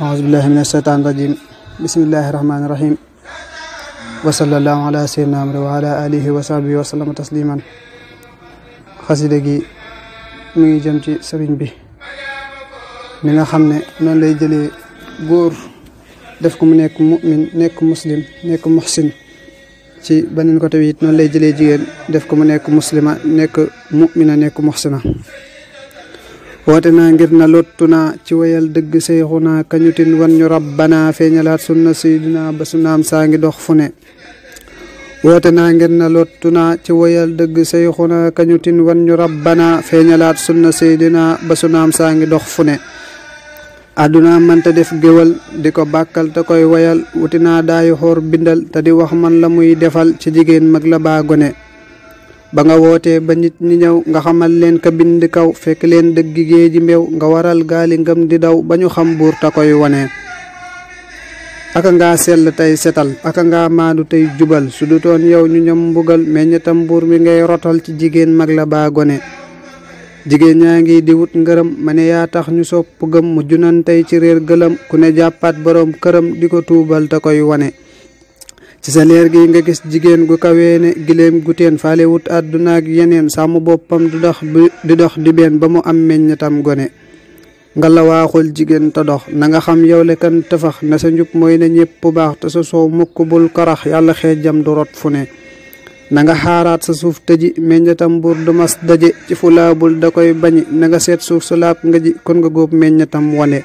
ahousubillahi min asheytaan rajim bismillahi rahmaani rahim wa sallallahu ala sayyidina Muhammad wa ala alihi wa sahbihi wa sallama tasliman xasida gi mu ngi jëm ci sëriñ bi mi nga xam ne noonu lay jëlee góor def ko mu nekk mu'min nekk muslim nekk muhsin ci beneen côté bi it lay jëlee jigéen def ko mu nekk muslima nekk mu'mina nekk muhsina woote naa ngir na lottu naa ci wayal dëgg seyxunaa kañutin wan ñu rabbana feeñalaat saa ngi dox fu ne woote naa ngir na lottu ci wayal dëgg seyxunaa kañutin wan ñu rabbana feeñalaat sunna seydina ba sunaam saa ngi dox fu ne àdduna mënta def géwal di ko bàkkal te koy wayal wuti naa daayu xoor bindal te di wax man la muy defal ci jigéen mag la baa gone ba nga wootee ba nit ñi ñëw nga xamal leen ka bind kaw fekk leen dëggi géeji mbew nga waral gaali ngëm di daw ba ñu xam buur ta koy wone aka ngaa sell tey setal aka nga maadu tey jubal su du toon yow ñu ñam mbugal meññetam mbuur mi ngay rotal ci jigéen mag la baa gone jigéen ñaa ngi di wut ngërëm ma ne yaa tax ñu sopp gëm mu junan tey ci réer gëlëm ku ne jàppaat boroom këram di ko tuubal ta koy wone ci sa leer gi nga gis jigéen gu kawe ne giléem gu teen faale wut àdduna ak yeneen sàmm boppam du dox di dox di benn ba mu am meññatam gone nga la waaxul jigéen te dox na nga xam yow le kan tafax na sa njub mooy ne ñépp bu baax te sa soow mukk bul karax yàlla xeejam du rot fu ne na nga xaaraat sa suuf tëji meññatam buur du mas daje ci fu da koy bañi na nga seet suuf su laab nga ji kon nga góob meññatam wane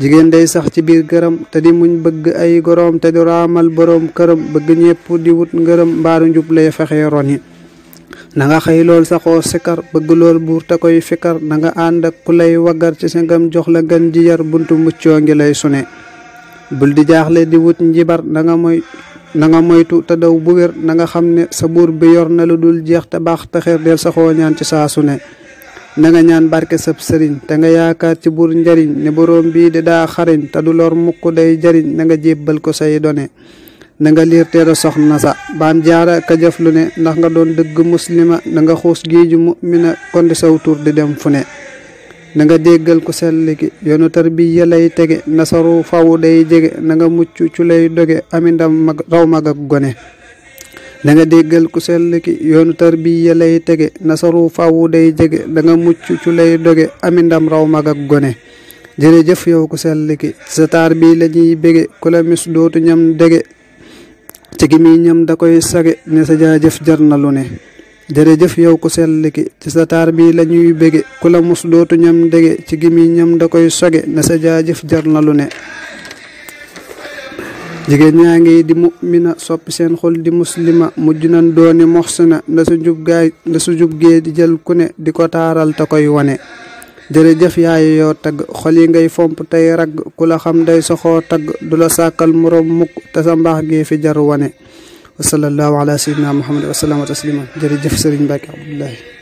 jigéen day sax ci biir këram te di muñ bëgg ay gorom te du raamal boroom këram bëgg ñépp di wut ngërëm mbaaru njub lay fexe roni na xëy lool saxoo sikar bëgg lool buur te koy fikar na nga ànd ak ku lay waggar ci sangam jox la gan ji yar buntu muccoo ngi lay sune bul di jaaxle di wut njibar na nga moy na moytu te daw bu wér na nga xam ne sa buur bi yor na lu dul jeex te baax te xeer del saxoo ñaan ci saa su ne na nga ñaan barke sab sëriñ te nga yaakaar ci buur njariñ ne borom bii di daa xariñ te du lor mukk day jariñ na nga jébbal ko say done na nga liir teera soxna sa baam jaara ka jëf lu ne ndax nga doon dëgg muslima na nga xuus géeju mu'mina kon di saw tur di dem fu ne na nga déggal ku sell ki yoonu tarbiya lay tege nasaru faw day jege na nga mucc cu lay doge amindam mag raw mag ak gone da nga déggal ku sell ki yoonu tarbiya lay tege nasaru fàwwu day jege da nga mucc ci lay doge amindam ndam raw mag ak gone jërëjëf yow ku sell ki sa taar bi la ñuy bége ku la mis dootu ñam dege da koy sage ne sa jaajëf jar na lu ne jërëjëf yow ku sell ki ci sa taar bi lañuy ñuy bége ku la mus dootu ñam dege ci gi ñam da koy soge ne sa jaajëf jar na lu ne jigéen ñaa ngi di mu'mina soppi seen xol di muslima mujj nañ dooni moxsina nda su jub gaay nda su jub gee di jël ku di ko taaral ta koy wone jërëjëf yaayu yoo tagg xol yi ngay fomp tey ragg ku la xam day soxoo tagg du la sàkkal moroom mukk ta sa mbaax gee fi jar wone wa sallallahu ala sayyidina muhammad wa sallama taslima jërëjëf sëriñ Mbàkke Abdullahi